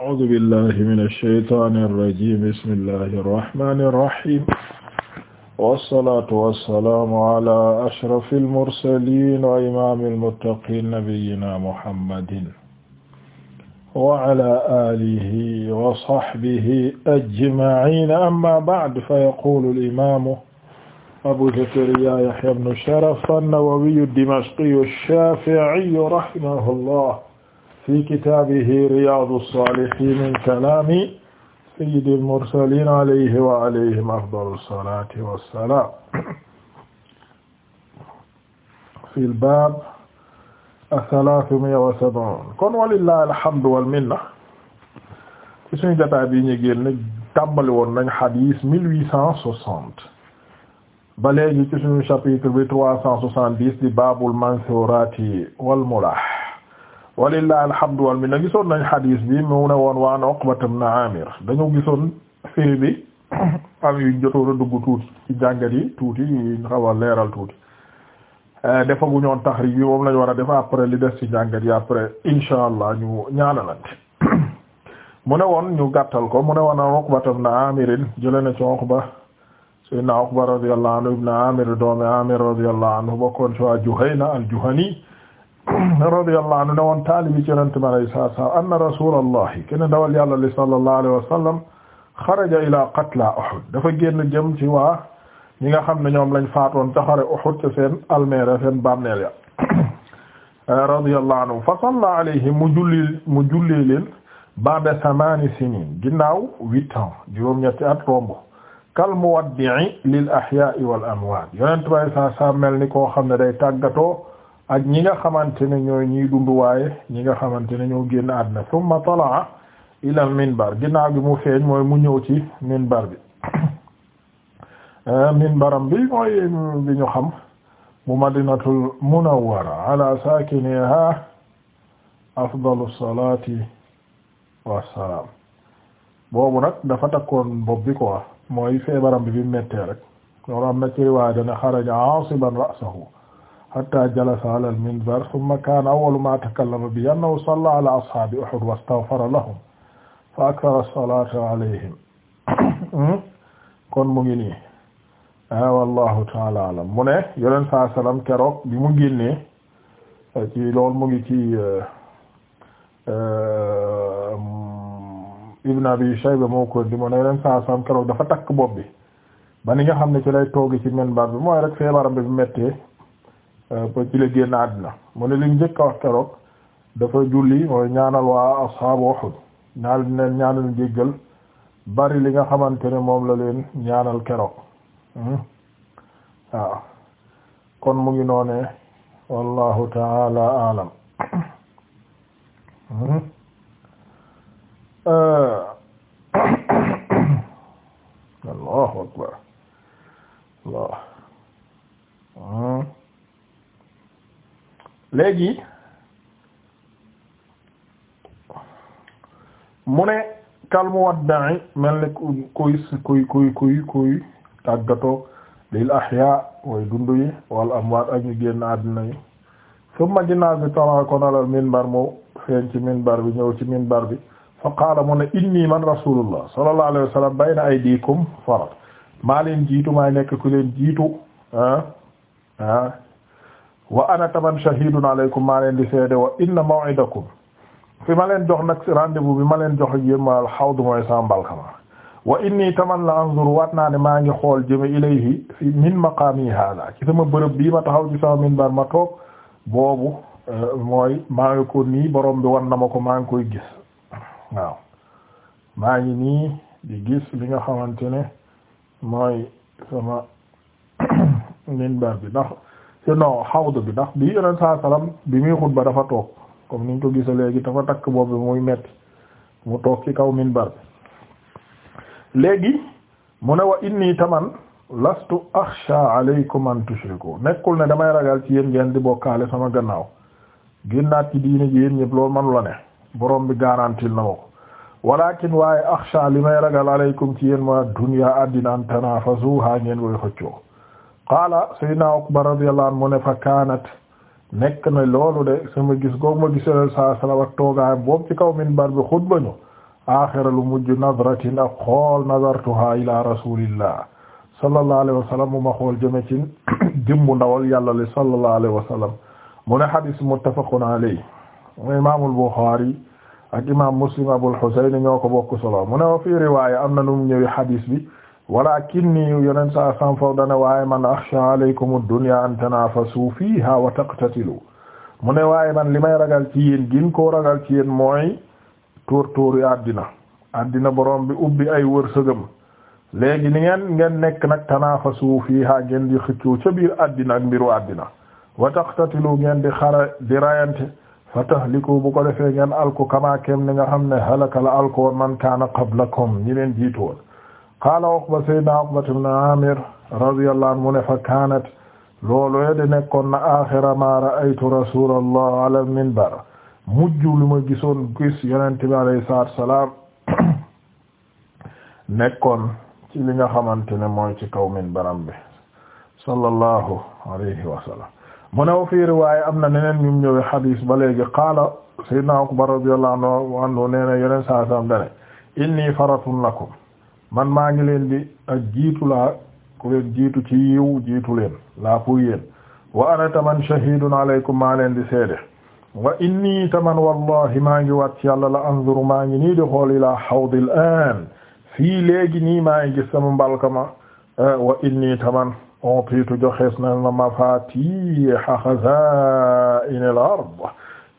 a'uuzu billahi mina shaytaani rajiim bismillahi rahmaani rahiim wassalaatu wassalaamu alaa ashrafil mursaliin wa imaamil muttaqiin nabiyyinaa muhammadin wa alaa aalihi wa sahbihi ajma'iin ammaa ba'du fayaquulu al-imaamu abu zakariyaa yahyaa ibnu sharaf an-nawawiyyu ad-dimashqiyyu ash-shaafi'iyyu rahimahullah fi kitaabihi riyaadu saalihiin min kalaami sayyidil mursaliin alayhi wa alayhim afdalu salaati wa salaam. fil baab as-salaasumiya wa sab'uun kon walillaahi alhamdu wal minna. ci suñu jotaay bi ñu génn tàmbali woon nañ xadiis mille huit cent soixante. ba léegi ci suñu chapitre bi trois cent soixante-dix di baabul mansuuraati wal mulah walillahi alhamdu wal minna gisoon nañ xadiis bi mu ne woon waan Uqbata ibn Amir dañoo gisoon firi bi am yu dugg tuuti ci jàngat yi tuuti yuñ xaw a leeral tuuti eh, dafa gu ñoon taxrij bi moom lañu war a def après li des ci jàngat yi après insha ñu ñaanalante mu ne woon ñu gàttal ko mu ne woon an Uqbata ibn Amir jële na ci Uqba sayyidina Uqba radiyallahu anhu ibn Amir doomi Amir radiyallahu anhu bokkoon ci waa Juhayna al-Juhani radiyallahu anhu ne woon taalibi ci yonente bi alayhi salaatu salaam anna rasulallahi kenn dawal yàlla li sallallahu alayhi wa sallam xaraja ila qatla Uhud dafa génn jëm ci waa ñi nga xam ne ñoom lañ faatoon ca xare Uhud ca seen almeera seen bàmmeel ya radiyallahu anhu fa salla alayhim mu julli mu julli leen ba'da samaani siniin ginnaaw huit ans juróom-ñetti at romb kal muwaddi'i lil ahyaa'i wal amwaat yonente bi alayhi salaatu salaam mel ni koo xam ne day tàggatoo ak ñi nga xamante ne ñooy ñiy dund waaye ñi nga xamante ne ñoo génn àddina thumma talaa ila al minbar ginnaaw bi mu feeñ mooy mu ñëw ci minbar bi euh, minbaram bi mooy bi ñu xam bu madinatul munawwara ala saakiniha afdalu salaati wassalaam boobu nag dafa takkoon bopp bi quoi mooy feebaram bi bi mettee rek loolu am na ci dana xaraja aasiban ra'sahu hatta jalasa ala al-minbar thumma kana awwalu ma takallama bihi annahu salla ala ashabi Uhud wastaghfara lahum fa akthara as-salata alayhim kon mu ngi nii ah wallahu taala alam mu ne yoleen saa salaam keroog bi mu génnee eh, ci loolu mu ngi ci eh, eh, Ibn Abi Shayba moo ko di mu ne yoleen saa salaam keroog dafa takk bopp bi ba ni nga xam ne ci lay toogi ci minbar bi mooy rek feebaram bi mettee Euh, ba ci la génn àddina mu ne lim njëkk a wax keroog dafa julli mooy ñaanal waa ashaabu Uhud ñaanal leen ñaanal jéggal bari li nga xamante ne moom la leen ñaanal keroog hmm? waaw kon mu ngi noonee wallahu taala alam hmm? euh, léegi mu ne kalmu wadda'i mel ni kuy kuy kuy kuy kuy tàggatoo lil ahya way dund yi wal amwaat ak ñu génn àddina yi summa ginnaaw bi tara kon alal minbar mu feeñ ci minbar bi ñëw ci minbar bi fa qaala mu ne inni man rasulullah sallallahu alayhi wa bayna aydikum farat maa jiitu maa nekk ku leen jiitu ah ah wa ana taman shahidun alaykum maa leen di seede wa inna maw'idakum fi ma leen jox nag rendez-vous bi ma leen jox ak yéen al hawd mooy sa mbalkama inni taman la anzur waat naa ne maa ngi xool jëme ilayhi fi min maqaami hada ci sama bërëb bii ma taxaw ci sama minbar ma toog boobu euh, mooy maa ngi ko nii borom bi wan na ma ko maa ngi koy gis waaw maa ngi nii di gis li nga xamante ne mooy sama minbar bi ndax si non xawd bi ndax bi yonent saa salaam bi muy ba dafa toog comme niñ ko gisa léegi dafa takk boobu bi muy metti mu toog ci kaw minbar bi léegi mu ne wa inni taman lastu axsha alaykum an tushriku nekkul ne damay ragal ci yéen ngeen di bokkaale sama gannaaw génnaat ci diine ji yéen ñëpp loolu man la ne borom bi garantil na ma ko walakin waaye axsha li may ragal alaykum ci yéen ma dunya àddina an tanafazuha ngeen way xëccoo qaala sayyidina Uqba radiyallahu anhu mu ne fa kaanat nekk na loolu de sama gis googu ma gisee leen saa salaam ak toogaayam boobu kaw minbar bi xutba ñu aaxira lu mujj nazratin ak xool nazartuha ila rasulillah sallallahu alayhi wa sallam mu ma xool jëme ci jëmmu ndawal yàlla li sallallahu alayhi wa sallam mu ne hadis muttafaqun alayhi imaamul Buxaari ak imaam Muslim Abul Husayn ñoo ko bokk solo mu ne wa fii riwaaya am na nu mu ñëwee hadis bi. walaakinni yonent saa sam faw dana waaye man axsha alaykum ad-dunya an tanafasu fiha wa taqtatilu mu ne waaye man li may ragal ci yéen koo ragal ci yéen mooy tóor tóori àddina àddina borom bi ubbi ay wërsëgam léegi ni ngeen ngeen nekk nag tanafasu fiha ngeen di xëccoo ca biir àddina ak mbiru àddina wa taqtatilu ngeen di xara di rayante fa tahliku bu ko defee ngeen alku kama kem ni nga xam ne halaka man kaana qablakum ñi leen jiitoon qaala Uqba sayyidunaa Uqba ibn Aamir radiyallahu anhu mu ne fa kaanat looloo de nekkoon na aaxira maa ra'aytu rasuulallah ala minbar mujj lu ma gisoon gis yonent bi alayhi salaatu salaam nekkoon ci li nga xamante ne mooy ci kaw minbaram bi sallallahu alayhi wa sallam mu ne fi riwaaya am na neneen ñu ñëwee xadiis ba léegi qaala sayyidunaa Uqba radiyallahu anhu nee na yonent saa salaam dane inni faratun lakum man maa ngi leen di ak jiitu laa ku leen jiitu ci yiw jiitu leen laa pour yéen wa ana taman shahidun alaykum maa leen di seede wa inni taman wallahi maa ngi waat ci yàlla la anzuru maa ni nii di xool ilaa hawdil an fii léegi nii maa ngi gis sama mbalkama wa inni taman ontiitu joxees na ma mafatiha xazainil ard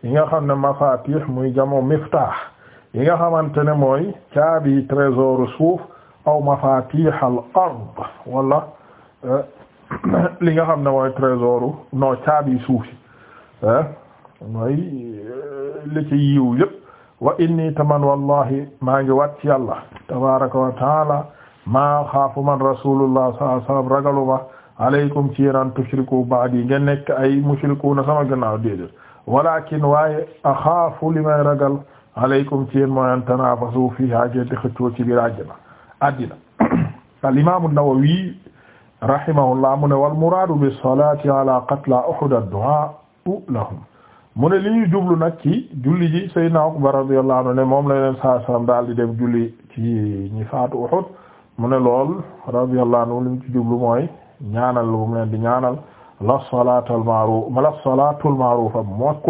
yi nga xam ne mafatih muy jamo miftah yi nga xamante ne mooy caabi trésor suuf aw mafatih al ard wala eh, li nga xam ne mooy trésoru non caabi suuf si eh, mooy eh, li ci yiw yëpp wa inni taman wallahi maa ngi wàcc yàlla tabaraka wa taala maa xaafu man rasulullah sallallahu alayhi wasallam ragaluma aleykum ci yéen tushriku ba'di ngeen nekk ay mushrikuuna sama gannaaw déedéet walakin waaye axaafu li may ragal aleykum ci yéen mooy an tanaafasu fiihaa ngeen di xëccoo ci biir àjjana addina al imam an-Nawawi rahimahullah mu ne wal muraadu bi salaati ala qatla Uhud ad-du'a lahum mu ne li ñu jublu nag ci julli ji Seydina Ukba radiyallahu anhu ne moom leen saa daal di dem julli ci ñi faatu mu ne lool radiyallahu anhu li ñu jublu mooy ñaanal bu mu leen di ñaanal la salaatul ma'ruf la salaatul ma'rufa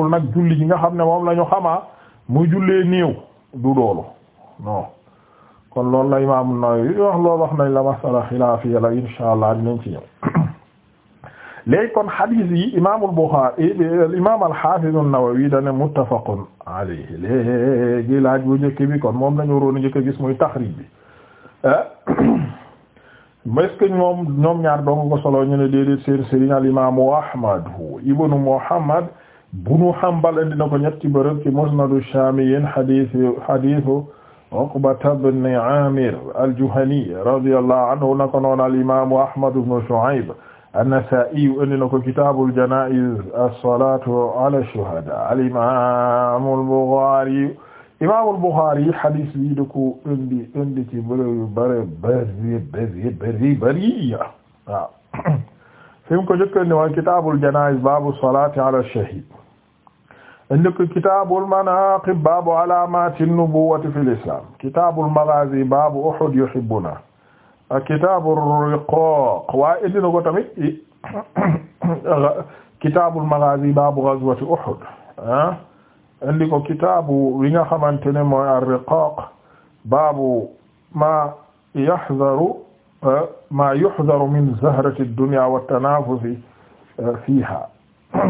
nag julli ji nga xam ne moom la ñu xamaa mu jullee néew du doolu kon loolu la imaam Nawawi wax loolu wax nañ la masala xilaafiya la insha allah ci ñëw léegi kon hadith yi imaamul Buxaari imaam al-Haafiz an-Nawawi dana muttafaqun alayhi léegi laaj bu njëkk bi kon moom lañu waroon a njëkk a gis muy taxriij bi est-ce ñoom ñaar doon ko solo ñu ne déedéet seen sëriñ al imaamu Ahmad ibnu Muhammad bunu Hanbal indi na ko ñetti bërëb ci musnadu shaamiyyin hadith hadith Uqbata ibn Aamir al-Juhani radiyallahu anhu na ko noon al-imaamu Ahmad ibn Shu'ayb an-Nasaa'i indi na ko kitaabul janaa'iz as-salaatu ala shuhadaa al-imaamul Buxaari imaamul Buxaari hadiis bi da ko indi indi ci bëri bëri bëri bëri bëri waaw fi mu ko jëkk indi woon kitaabul janaa'iz baabu salaati ala shahiid ndëkk kitaabul manaqib baabu alaamati nubuwati fi lislam kitaabul maghazi baabu uhud yuhibbuna ak kitaabur riqaaq waaye indi na ko tamit kitaabul maghazi baabu ghazwati uhud ah indi ko kitaabu wi nga xamante ne mooy ar-riqaaq baabu ma yahzaru eh, ma yuhzaru min zahrati ad-dunya wat-tanaafusi eh, fiiha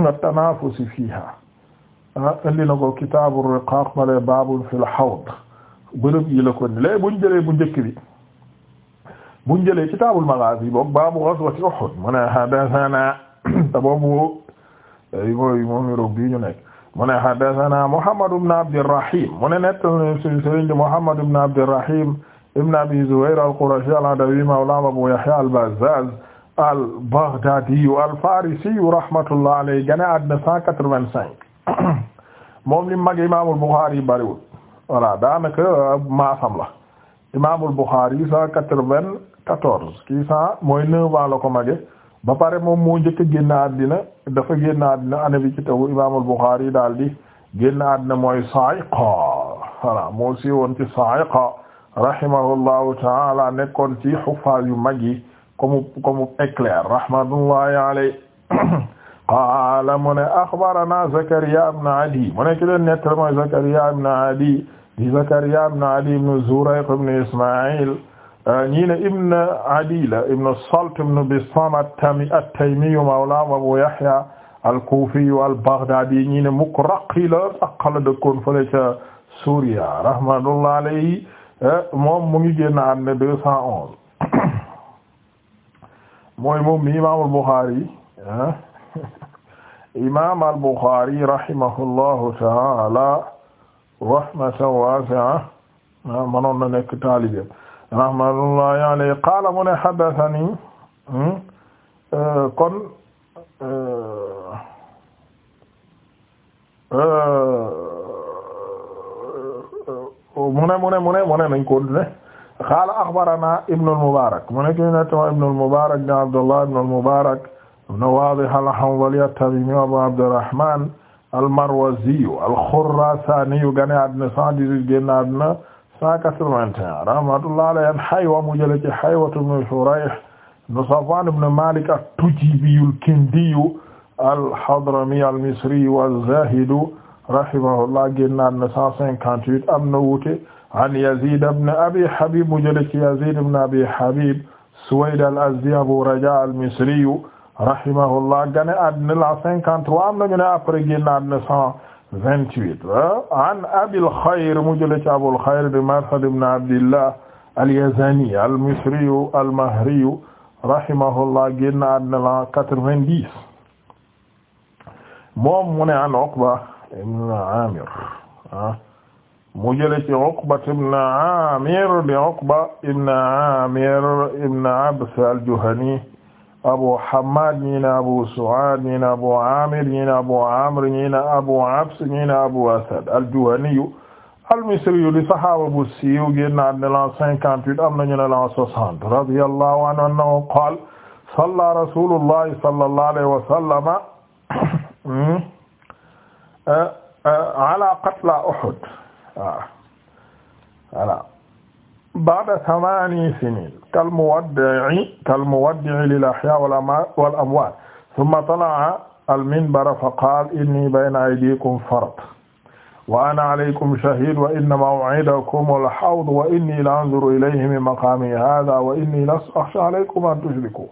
wat-tanaafusi fiiha Ah, indi na ko kitaabu riqaaq bale baabul fil hawd bërëb yi la ko ni léegi buñ jëlee bu njëkk bi buñ jëlee kitaabul maghaazi boobu baabu ghazwati Uhud mu ne haddasanaa te boobu eh, mooy moomi roog bii ñu nekk mu ne haddasanaa Muhammad ibn Abdirrahim mu ne nett sëriñ di Muhammad ibn Abdirrahim ibn Abi Zuhayr al-Qurashi al-Adawi mawlaa Abu Yahya al-Bazzaaz al-Baghdaadiyu al-Faarisiyu rahmatullahi alayhi gane àddina 185 moom li mag imaamul Buxaari yi bëriwul voilà daanaka maasam la imaamul Buxaari yi cent quatre-vingt-quatorze kii mooy neuf ans ko mage ba pare moom moo njëkk a génn dafa génn àddina année bi ci tegu imaamul Buxaari yi daal di mooy Sa'iqa voilà moo siiwoon ci Sa'iqa taala nekkoon ci xufaas yu mag yi comme comme éclair qaala mu ne axbarana Zakariya ibn Adi mu Zakariya ibn Adi Zakariya ibn Adi ibn Zurayq ibn Ismaïl ne ibn Adi la ibn Salt ibn Bistam at-Taymi mawla Abu Yahya al-Kufi al-Baghdadi ne Mukraqi la Saqala dëkkoon fële ca rahmatullah alayhi moom mu ngi génn am na deux cent onze mooy moom mi Imaamul ah, imaam al Buxaari rahimahullahu taala rahmatan waasi'a ah, manoon na nekk taalibe rahmatullahi alayhi qaala mu ne haddathanii hmm? euh, kon euh, euh, mu ne mu ne mu ne mu ne nañ ko ne qaala axbaranaa Ibnul Mubaarak mu ne kii na Ibnul Mubaarak di Abdullah Ibnul Mubaarak ibn Waadih al-Hanzali at-Tamimi Abu Abdirrahmaan al-Marwazi al-Khurasani gane àddina 118 génn àddina 181 rahmatullahi alayhi Haywa mu jële ci Haywatu ibn Shurayh ibn Safwan ibn Malik at-Tujibi al-Kindi al-Hadrami al-Misri az-Zahid rahimahullah génn àddina 158 am na wuute an Yazid ibn Abi Habib mu jële ci Yazid ibn Abi Habib Suwayd al-Azdi Abu Raja al-Misri rahimahullah gane àddina la cinquante-trois am nañu ne après génn àddina cent vingt-huit an Abil Xayr mu jële ci Abul Xayr de Mashhad ibn Abdillah al-Yazani al-Misri al-Mahri rahimahullah génn àddina la quatre-vingt-dix moom mu ne an Uqba ibn Amir ah mu jële ci Uqba ibn Amir de Uqba ibn Amir ibn Abs al-Juhani abu hamad ñii na abu su'ad ñii na abu amir ñii na abu amr ñii na abu abs ñii na abu asad aljuhaniyu almisriyu di sahaaba bu siiw génnaat ne lan cinquante-huit am nañu ne lan soixante radiyallahu anhu annahu qaala salla rasulullahi sallallahu alayhi wa sallama eh, eh, ala qatla uhud voilà ah, ba'da thamani sinin kal muwaddi'i kal muwaddi'i lil ahya wal amwat thumma tala'a al minbar fa qala inni bayna aydikum fard wa ana alaykum shahid wa inna maw'idakum al hawd wa inni la anzuru ilayhi min maqami hadha wa inni la akhsha alaykum an tushriku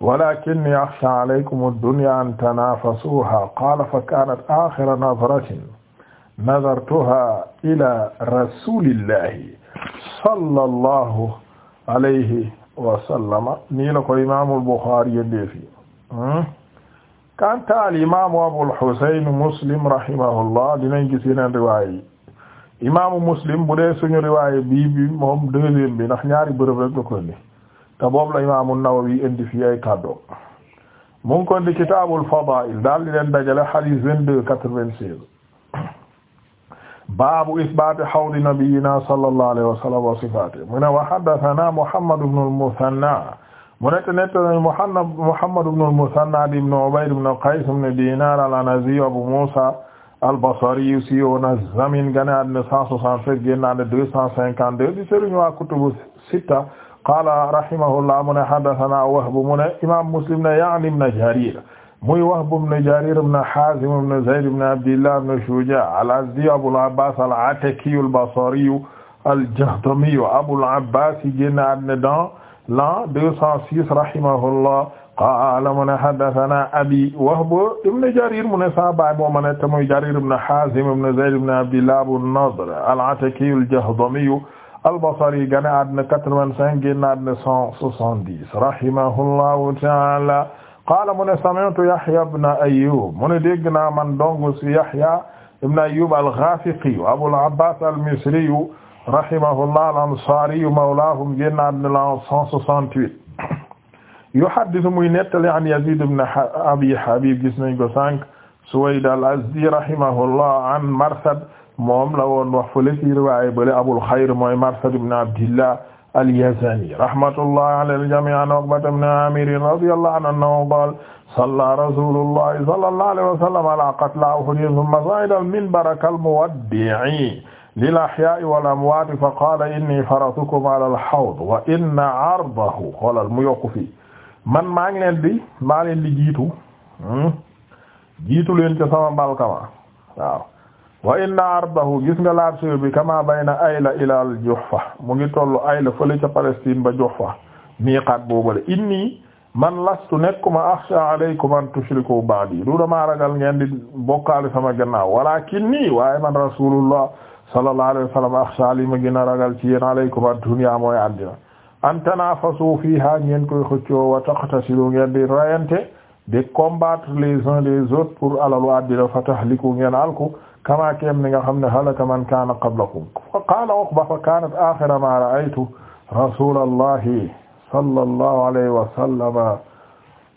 walakinni akhsha alaykum ad-dunya an tanafasuha qala fa kanat akhira nazratin nazartuha ila rasulillahi sallallahu alayhi wa sallama nii la ko imaamul Buxaari yëndee fi hmm? kanta al imaamu Abul Husayn Muslim rahimahullah dinañ gis yeneen riwaay yi imaamu Muslim bu dee suñu riwaay bii bi moom deuxième bi ndax ñaari bërëb rek la ko indi te boobu la imaamu Nawawi indi fi ay kàddoom mu ngi ko indi kitaabul fadaa'il daal di leen dajale hadith 22 96 baabu isbaati hawdi nabiyyina sallallahu alayhi wa sallam wa sifaatihi mu ne wa haddathanaa Muhammad ibn al-Muthanna mu ne te nettali Muhammad ibn al-Muthanna ibn Ubayd ibn Qays ibn Dinar al-Anazi Abu Musa al-Basri siiwoon na Zamin gane àddina 167 génn àddina 252 di sëriñ waa kutubu sitta qaala rahimahullah mu ne haddathanaa Wahb mu ne imaam Muslim ne ya'ni ibn Jarir muy Wahb ibn Jarir ibn Hazim ibn Zayd ibn Abdillah ibn Shuja' al-Azdi Abul Abbas al-Ataki al-Basri al-Jahtami Abul Abbas génn àddina dans l'an 206 rahimahullah qaala mu ne haddathana abi Wahb ibn Jarir mu ne sa baay moo ma ne te muy Jarir ibn Hazim ibn Zayd ibn Abdillah Abu an-Nadr al-Ataki al-Jahtami al-Basri génn àddina 85 génn àddina 170 rahimahullahu ta'ala qaala mu ne sami'tu Yahya ibn Ayyub mu ne dégg naa man dong si Yahya ibn Ayyub al-Ghafiqi Abul Abbas al-Misri rahimahullah al-Ansari mawlahum génnaat na la 168 yuhaddisu muy nettali an Yazid ibn Abi Habib gis nañ ko sànq Suwayd al-Azdi rahimahullah an Marsad moom la woon wax fële ci riwaaya bële Abul Khayr mooy Marsad ibn Abdillah al-Yazani rahmatullahi ala al-jamii an Uqbata ibn Aamir radiyallahu anhu annahu qaala sallaa rasuulullahi sallallahu alayhi wa sallam alaa qatla Uhudin thumma sa'ida al-minbara kal-muwaddi'i lil-ahyaa'i wal-amwaat fa qaala innii faratukum ala al-hawd wa inna 'ardahu xoolal mu yokku fii man maa ngi leen di maa leen di jiitu hmm? jiitu leen ca sama mbalkama waaw wa inna ardahu gis nga largeur bi kama bayna ayla ilal juhfa mu ngi tollu ayla fële ca Palestine ba juhfa miiqaat boobale inni man lastu nekkuma axsha alaykum an tushriku ba'di du dama ragal ngeen di bokkaale sama gannaaw walakinni waaye man rasulullah sallallahu alayhi wa sallam axsha li ma gën a ragal ci yéen alaykum ad dunya mooy àddina an tanafasu fiha ngeen koy xëccoo wa taqtasilu ngeen di rayante di combattre les uns les autres pour alalu àddina fa tahliku ngeen alku kama kem ni nga xam ne halaka man kaana qablakum fa qaala Uqba fa kaanat aaxira maa ra'aytu rasuulallahi sallallahu alayhi wa sallama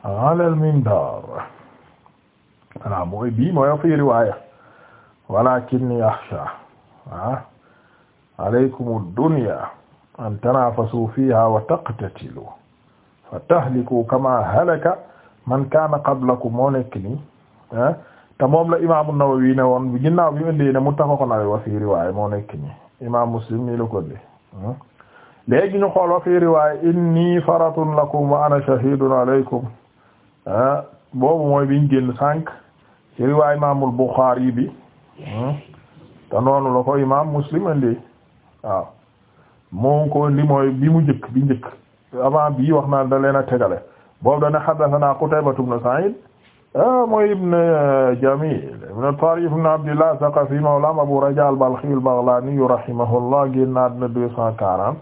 ala al-minbar voilà mooy bii mooy fi riwaaya walaakinni axshaa ah alaykum ad-dunya an tanaafasuu fiihaa wa taqtatiluu fatahlikuu kamaa halaka man kaana qablakum moo nekk nii ah, te moom la imaamu Nawawi ne woon ginnaaw bi mu indee ne muttafaqun fi riwaaya moo nekk ni imaam Muslim nii la ko di hmm? léegi ñu xool wa fi riwaaya inni faratun lakum wa ana shahidun alaykum ah, boobu mooy biñ génn sànq ci riwaaya imaamul Bukhari bi hmm? te noonu la ko imaam Muslim indi waaw moo ko indi mooy bi mu njëkk bi njëkk avant bii wax naa da leen a tegale boobu dana haddathana Qutaybatu ibn Sa'id Ah, mooy Ibn euh, Jamil ibn Tarif ibn Abdillah Saqafi mawlaam Abu Raja al-Balkhi al-Baghlani rahimahullah génnaat na deux cent quarante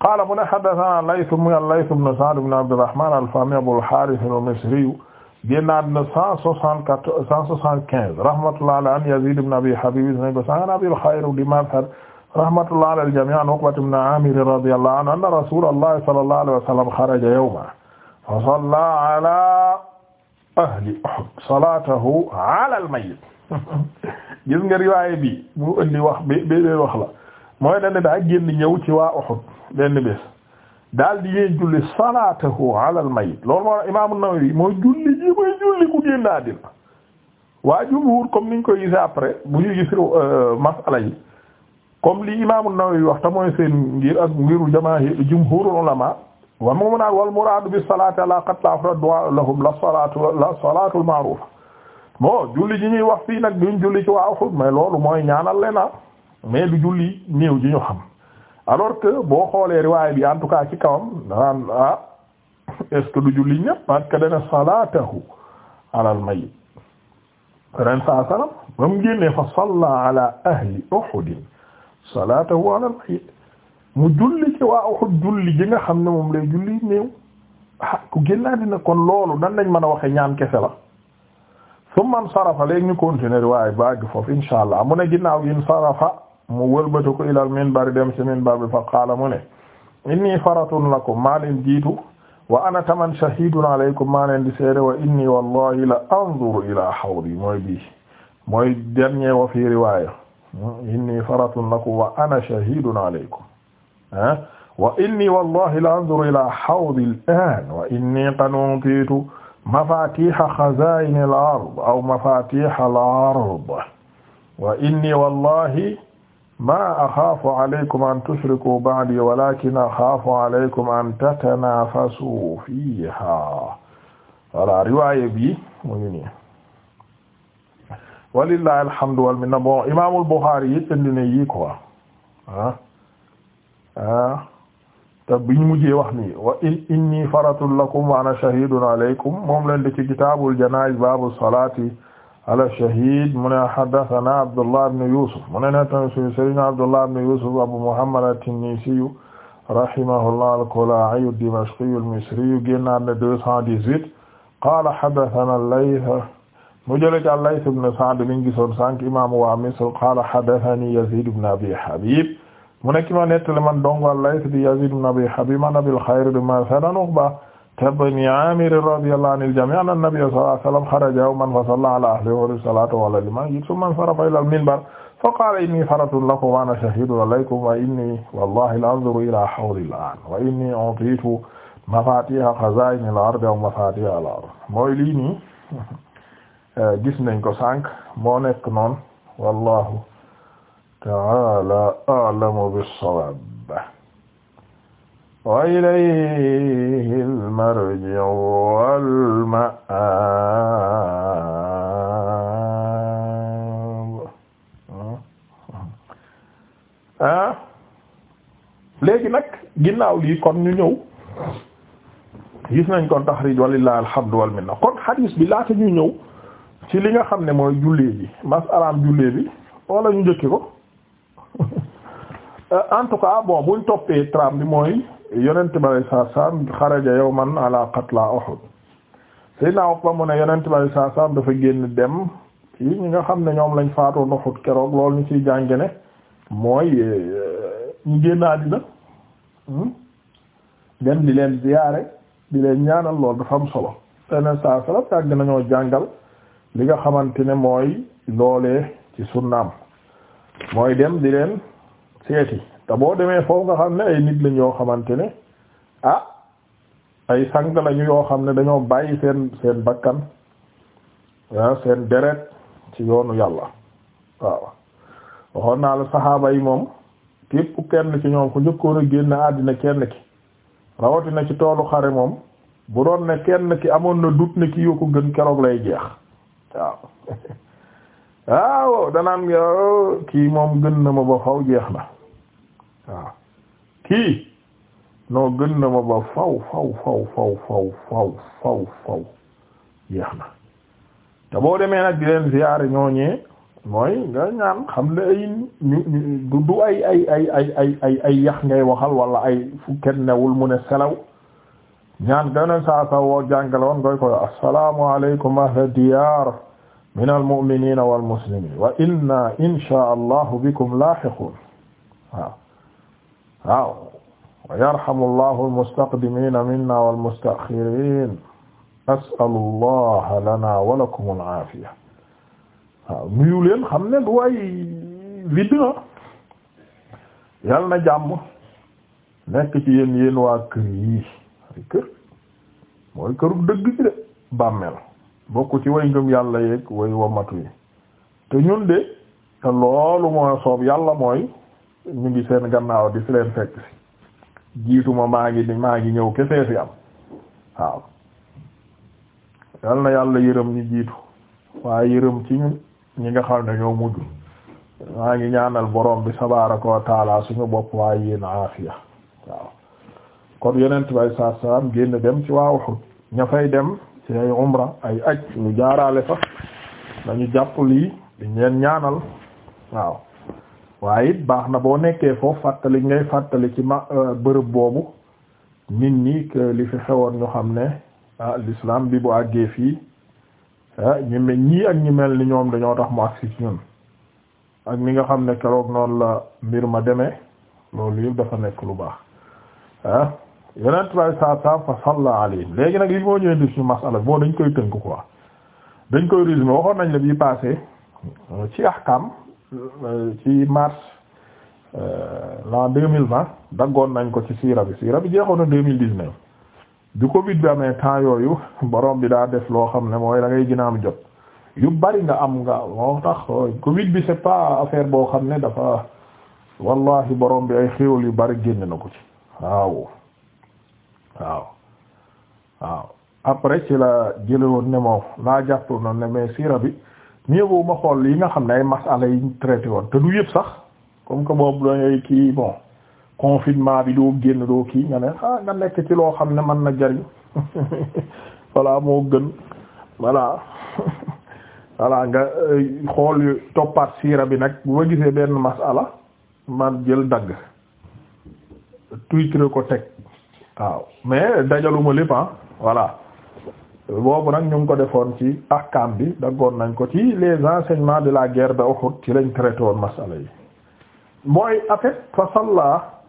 qaala mu ne haddathanaa Layth muy Layth ibn Sa'd ibn Abdirrahman al-Fahmi Abu al-Harith al-Misri génnaat na cent soixante quatre cent soixante quinze rahmatullah alayhi Yazid ibn Abi Habib nañ ko sànqal Abil Khayr di Mazhar rahmatullah ala al-jami' an Uqbata ibn Amir radiyallahu anhu anna Rasulullah sallallahu alayhi wa sallam kharaja yawman fa salla ala ahli Uhud salaatahu ala al gis nga riwaay bi mu indi wax bi bi wax la mooy dañ ne daa génn ñëw ci waa Uhud benn bés daal di yee julli salaatahu ala al-mayyit loolu moo Imaam an mooy julli ji mooy julli ku génn àddina waa jumhuur comme niñ koy gisee après bu ñu gis euh, masala yi comme li Imaam An-Nawawi wax te mooy seen ngir ak ngiru jamaahir jumhuurul ulamaa wa mu naan wal muraadu bi salaati ala qatl afrad lahum la salaatu la salaatul ma'ruufa bon julli ji ñuy wax fii nag duñ julli ci waa xut mais loolu mooy ñaanal lena ah, mais du julli néew ji ñu xam alors que boo xoolee riwaay bi en tout cas ci kawam danaan ah est-ce que du julli ñëpp parce que dana salaatahu alal mayyit ren saa salaam ba mu génnee mu julli ci waa Uhud julli ji nga xam ne moom lay julli néew ah ku génnaa dina kon loolu nan lañ mën a waxe ñaan kese la summan sarafa léegi ñu waaye baagi foofu insha allah mu ne ginnaaw yin sarafa mu wëlbatu ko ilal minbar dem ci minbar bi fa qaala mu ne inni faratun lakum maa leen jiitu wa ana taman shahidun alaykum maa leen di seede wa inni wallahi la anzuru ila hawli mooy bi mooy dernier wa fi riwaya inni faratun lakum wa ana shahidun alaykum ah wa inni wallahi la anzuru ila hawdi al-an wa inni qad utiitu mafatiha khaza'in al-ard aw mafatiha al-ard wa inni wallahi ma axaafu alaykum an tushriku ba'di walakin axaafu alaykum an tatanafasu fiha voilà riwaaya bi mu ngi nii walillahi alhamdu wal minna bon imaamul Buxaari yi indi na yi quoi ah ah te biñ mujjee wax nii wa in inni faratul lakum wa ana shahidun alaykum moom leen di ci kitaabul janaa'iz baabu salaati ala shahid mu ne haddathana Abdullah ibn Yusuf mu ne nettan suñu sëriñ Abdullah ibn Yusuf Abu Muhammad at-Tinnisiyu rahimahullah al-Kalaa'iyu ad-Dimashqiyu al-Misriyu génnaat na 218 qaala haddathana al-Layth mu jëlee ci al-Layth ibn Sa'd mi ngi gisoon sànq imaamu waa Misr qaala haddathani Yazid ibn Abi Habib mu nekk ma nettali man dong Layth di Yazid ibn Abi Habiib an Abil Xayr an Uqba ibn Aamir radiyallahu anil jamii' anna nabiyya sallallahu alayhi wa sallam xaraja wa man fa salla ala ahlihi wa salatu wa ala al-mayyit thumma insarafa ila al-minbar fa qaala inni faratun lakum wa ana shahidun alaykum wa inni wallahi la anzuru ila hawli al-aan wa inni utiitu mafaatiha xazaa'ini al-ardi wa mafaatiha al-ard mooy lii nii gis nañ ko sànq moo nekk noonu wallahu taala alamu bissawaab wa ilayhi almarji'u wal ma'aab ah léegi nag ginnaaw lii kon ñu ñëw gis nañ kon taxriij walillahi alhamdu wal minna kon xadiis bi laata ñu ñëw ci li nga xam ne mooy jullee bi masalaam jullee bi wala ñu njëkki ko Euh, en tout cas bon buñ toppee tram bi mooy yonent bi alayhi salaatu salaam xaraja yawman ala qatla Uhud Seydina Uqba mu ne yonent bi alayhi salaatu salaam dafa génn dem ci ñi nga xam ne ñoom lañ faatoo Uhud keroog loolu ñu ciy jànge ne mooy euh, ñu génn àddina hmm? dem di leen ziyaare di leen ñaanal loolu dafa am solo Seydina saa salaam yàgg nañoo jàngal li nga xamante ne mooy loolee ci sunnaam mooy dem di leen. seeti te boo demee foofu nga xam ne ay nit lañ yoo xamante ne ah ay sang lañu yoo xam ne dañoo bàyyi seen seen bakkan ah seen deret ci yoonu yàlla waaw waxoon naa la saxaaba yi moom képp kenn ki ñoom ku njëkkoon a génn àddina kenn ki rawatina ki toolu xare moom bu doon ne kenn ki amoon na dut ne ki yoo ko gën keroog lay jeex waaw waaw danaan nga kii moom gën na ma ba faw jeex na waaw kii noo gën na ma ba faw faw faw faw faw faw faw faw jeex na te boo demee nag di leen ziyaare ñooñee mooy nga ñaan xam ne ay du du ay ay ay ay ay ay ay yax ngay waxal wala ay fu kenn newul mu ne selaw ñaan gana saa saa woo jàngale woon koy koy assalaamu alaykum ahla diyaar min almuminina walmuslimin wa inna insha allahu bikum laahiqun waaw waaw wa yarhamu allahu almustaqdimina minna walmustaxirin asalu allah lana wa lakum alaafiya waaw nuyu leen xam ne du ay vide na ah. yal na jàmm nekk ci yéen yéen waa kër yi ay kër mooy këru dëgg ci de bàmmeel bokk ci way ngëm yàlla yeeg way wamatu yi te ñun de te loolu moo soob yàlla mooy ñu ngi seen gannaaw di fi leen fekk jiitu ma maa ngi ni maa ngi ñëw kese fi am waaw yal na yàlla yërëm ñu jiitu waaye yërëm ci ñun ñi nga xam ne ñoo mujj maa ngi ñaanal borom bi tabaaraka wa taala suñu bopp waaye yéen aafiya waaw kon yeneen bay saar saam génn dem ci waaw xut ña fay dem ci ay umra ay aj ñu jaarale fa dañu jàpp lii dañ leen ñaanal waaw waaye it baax na boo nekkee foofu fàttali ngay fàttali ci ma euh, bërëb boobu nit ñi li fi xewoon ñu xam ne ah l'islam bi bu àggee fii ah, ñu mel ñii ak ñu mel ni ñoom dañoo tax mu agsi ci ñun ak ni nga xam ne keroog noonu la mbir ma demee loolu yëpp dafa nekk lu baax ah. yonent bi saa saa fa salla alayhim léegi nag li moo ñëwee di suñu masala boo dañ koy tënk quoi dañ koy résumé waxoon nañ la bii passé euh, ci ahkam euh, ci mars euh, l'an deux mille vingt daggoon nañ ko ci siira bi siira bi jeexoon na deux mille dix-neuf du Covid bi amee temps yooyu borom bi daa des loo xam ne mooy da ngay gën am jot yu bari nga am nga moo tax Covid bi c'est pas affaire boo xam ne dafa wallahi borom bi ay xéwal yu bari génne na ko ci waaw. waaw waaw après ci la jële woon ne moom laa jàpp na ne mais siira bi ñëwoo ma xool yi nga xam ne ay masala yi ñu traité woon te du yëpp sax comme que boobu dangay kii bon confinement bi doo génn doo kii nga ne ah nga nekk ci loo xam ne mën na jariñ voilà moo gën voilà voilà nga euh, xool toppaat siira bi nag bu ma gisee benn masala man jël dagg tuitre ko teg waaw mais dajaluma lépp ah voilà boobu nag ñu ngi ko defoon ci ahkaam bi daggoon nañ ko ci les enseignements de la guerre de Ouhoud ci lañ traité woon masala yi mooy en fait fa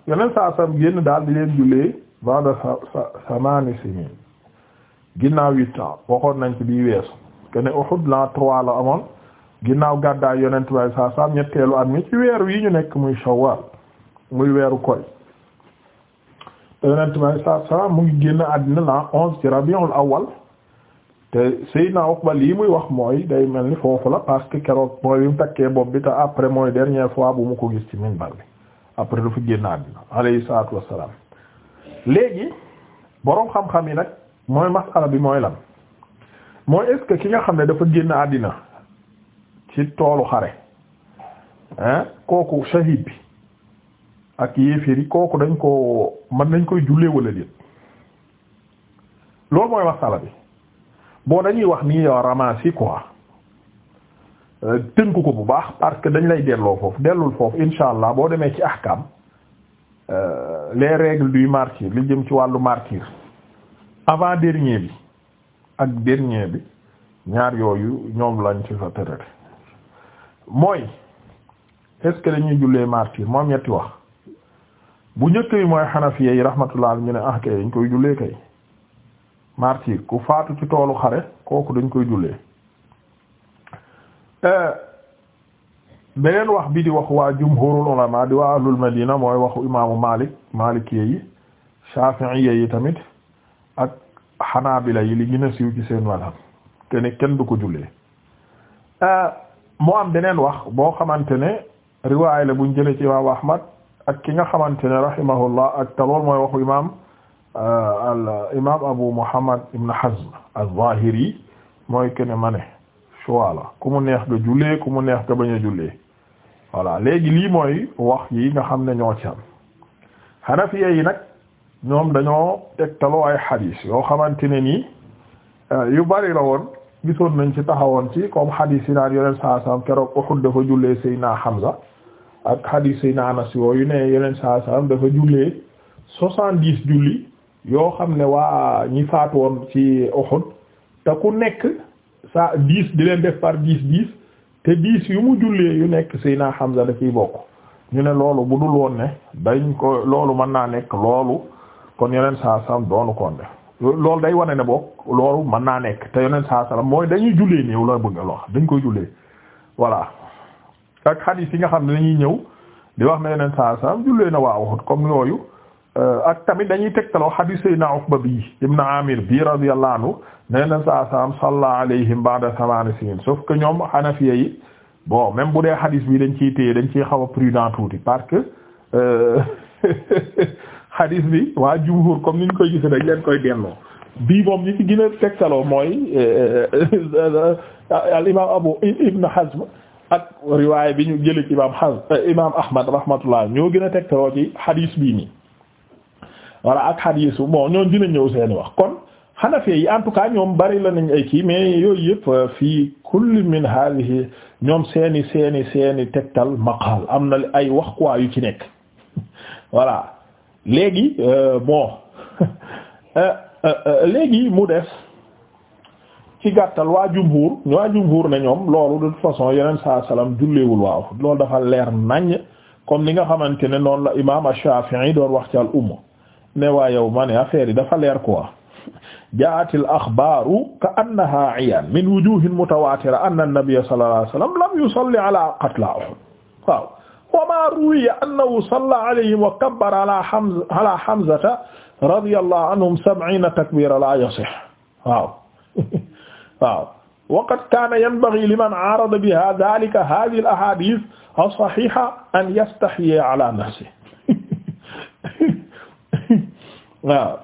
yeneen saa sam génn daal di leen jullee ba'da samani sinin ginnaaw huit ans waxoon nañ ci bii weesu que ne Ouhoud trois la amoon ginnaaw gàddaay yonent way saa sam ñetteelu at mi ci weer wi ñu nekk muy Shawwal muy weeru koy yonent bi alayhi salaatu salaam mu ngi génn àddina la onze ci rabiul awal te Seydina Uqba lii muy wax mooy day mel ni foofu la parce que keroog mooy bi mu takkee bopp bi te après mooy dernière fois bu mu ko gis ci minbar bi après dafa génn àddina alayhi salaatu wassalaam léegi boroom xam-xam yi nag mooy masala bi mooy lan mooy est ki nga xam ne dafa génn àddina ci toolu xare hein kooku shahid bi ak yéeféri kooku dañ ko mën nañ koy jullee wala déet loolu mooy masala bi bon dañuy wax nii yow ramasser quoi euh, tënk ko bu baax parce que dañ lay delloo foofu dellul foofu insha allah boo demee ci ahkam euh, les règles du martyr li jëm ci wàllu martyr avant dernier bi ak dernier bi ñaar yooyu ñoom lañ ci fa tërër mooy est-ce que dañuy jullee martyr moom ñetti wax bu njëkk yi mooy xanafiya yi rahmatullah ala ñu ne ah kay dañ koy jullee kay martyr ku faatu ci toolu xare kooku dañ koy jullee euh, beneen wax bi di wax waa jumhurul ulama di wax ahlul madina mooy waxu imaamu Malik Malikiyya yi Shafi'iyya yi tamit ak xanaabila yi li gën a siiw ci seen madhab kenn du ko jullee euh, moo am beneen wax boo xamante ne riwaay la buñ jëlee ci imaamu Ahmad ak ki nga xamante ne rahimahullah ak talool mooy waxu imaam euh, al imaam Abu Muhammad ibn Hazm az-Zahiri mooy kene ma ne choix la mu neex nga jullee ku mu neex nga bañ a jullee voilà léegi lii mooy wax yi nga xam ne ñoo ci am Hanafiya yi nag ñoom dañoo tegtaloo ay xadis yoo xamante ne ni euh, yu bari la woon gisoon nañ ci taxawoon ci comme xadis yi naan yoneen saa saam keroog Uhud dafa jullee Seydina Hamza ak hadis Seydina Anas yooyu ne yeneen saa salaam dafa jullee soixante-dix julli yoo xam ne waa ñi faatu woon ci Uhud te ku nekk sa dix di leen def par dix dix te dix yu mu jullee yu nekk sinaa Hamza da ciy bokk ñu ne loolu bu dul woon ne dañ ko loolu mën naa nekk loolu kon yeneen saa salaam doonu koon def loolu day wane ne bokk loolu mën naa nekk te yeneen saa salaam mooy dañuy jullee néew la bëgg a wax dañ koy jullee voilà ak xadiis yi nga xam ne dañuy ñëw di wax na yeneen saa saa jullee na waa Uhud comme yooyu euh, ak tamit dañuy tegtaloo xadiis Seydina Uqba bi ibn Amir bi radiyallahu anhu ne yeneen saa saa salla alayhim ba'da thamani sinin sauf que ñoom Hanafiya yi bon même bu dee xadiis bi dañ ciy téye dañ ciy xaw a prudent tuuti parce que euh, xadiis bi waa jumhur comme ni ñu koy gisee dañ leen koy delloo bii moom ñi ci gën a tegtaloo mooy euh, al imaam Abu Ibn Hazm ak riwaay bi ñu jëlee ci imaam eh, imaam Ahmad rahmatullah ñoo gën a tegtaloo ci hadis bii nii voilà ak hadis bon ñoom dina ñëw seeni wax kon Hanafi yi en tout cas ñoom bari la nañ ay kii mais yooyu yëpp euh, fii kulli min hadhihi ñoom seeni seeni seeni tegtal maqaal am na ay wax quoi yu ci nekk voilà léegi euh, bon euh, léegi mu def ci gàttal waa jumhur waa jumhur ne ñoom loolu de toute façon yeneen saa salaam julleewul waaw loolu dafa leer naññ comme ni nga xamante ne noonu la imaam Shafi'i doon wax ci al umma ne waa yow ma ne affaire yi dafa leer quoi jaatil axbaaru ka annaha iyaan min wujuhin mutawaatira anna an-nabiyya sallallahu alayhi wa sallam lam yusalli ala qatla Uhud waaw wa maa ruwiya annahu salla alayhim wa kabbara ala Hamza ala Hamzata radiyallahu anhum sab'iina takbiira la yasih waaw waaw waqad kaana yanbaghi liman aarada biha dhalika hadhihi al ahadith as-sahiha an yastahyiya ala nafsihi waaw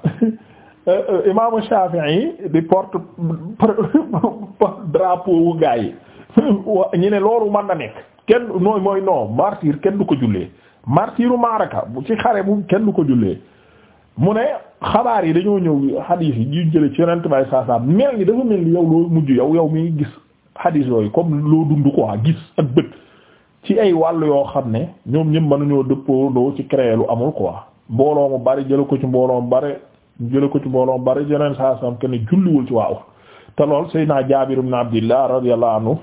imaamu Shafi'i di porte drapeau wu gaa yi ñu ne loolu mën na nekk kenn nooy mooy non martyr kenn du ko jullee martyru maraka bu ci xare bu kenn du ko jullee mu ne xabaar yi dañoo ñëw xadiis yi ñu jële ci yonent bay saa saa mel ni dafa mel ni yow loo mujj yow yow mi gis xadiis yooyu comme loo dund quoi gis ak bët ci ay wàll yoo xam ne ñoom ñëpp mënuñoo dëppoo doo ci créer lu amul quoi mbooloo mu bari jële ko ci mbooloo mu bari jële ko ci mbooloo mu bari yeneen saa saa kenn julliwul ci waaw te lool Seydina Jaabir ibn Abdillah radiyallahu anhu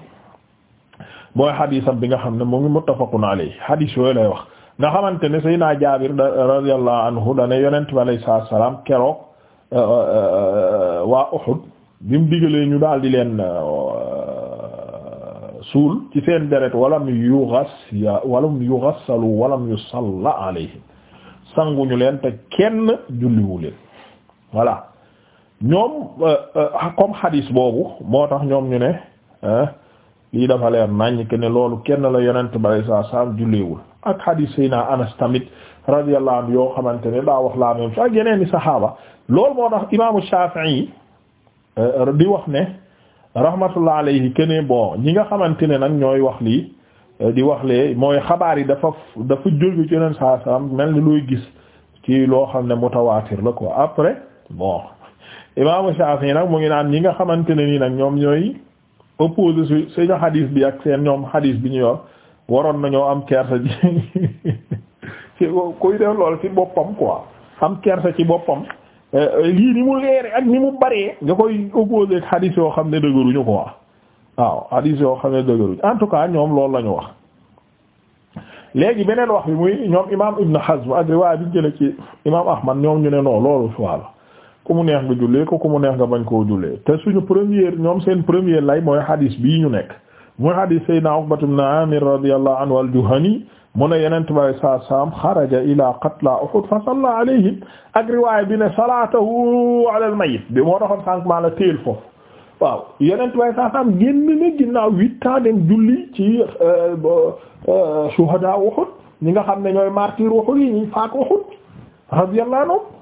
mooy xadiisam bi nga xam ne mu ngi muttafaqun alayhi xadiis yooyu lay wax. nga xamante ne Seydina Jaabir radiyallahu anhu dane yonent bi alayhi salaatu wa salaam keroog euh, euh, euh, waa Uhud bi digalee ñu daal di leen suul ci seen deret walam yughas walam yughassalu walam yusalla alayhim sanguñu leen te kenn julliwu leen voilà ñoom comme hadis boobu moo tax ñoom ñu ne lii dafa leer naññ ne loolu kenn la yonent balay saa saam julleewul ak hadis sayna Anas tamit radiyallahu anhu yoo xamante ne daa wax laa même si ak i saxaaba loolu moo tax imaamu Shafi'i euh, di wax ne rahmatullah alayhi ke ne ñi nga xamante ne nag ñooy wax lii euh, di wax lee mooy xabaar yi dafa dafa jóge mel ni looy gis ci loo xam ne mutawaatir la quoi après bon imaamu Shafi'i nag mu ngi naan ñi nga xamante ne nii nag ñoom ñooy. opposé su suñu xadis bi ak seen ñoom xadis bi ñu yor waroon nañoo am kersa ji ci kuy def lool ci boppam quoi am kersa ci boppam euh, lii ni mu leere ak ni mu baree nga koy opposé ak xadis yoo xam ne dëgëruñu ko wax waaw xadis yoo xam ne dëgëruñu en tout cas ñoom loolu la ñu wax léegi beneen wax bi muy ñoom imam Ibn Hazm ak riwaaya bi jële ci imam Ahmad ñoom ñu ne non loolu soit ku mu neex nga jullee ko ku mu neex nga bañ koo jullee te suñu première ñoom seen premier lay mooy hadis bii ñu nekk mooy hadis Seydina Uqbat ibn Amir radiyallahu anhu al-Juhani mu a yenent bay saa saam xaraja ila qatla Uhud fa salla alayhim ak riwaaya bi ne salaatahu ala al-mayyit bi moo taxoon sànq maa la téel foofu waaw yenent bay saa saam génn ne ginnaaw huit ans dem julli ci euh, euh, shuhadaa Uhud ñi nga xam ne ñooy martyr Uhud yi ñi faat Uhud radiyallahu anhu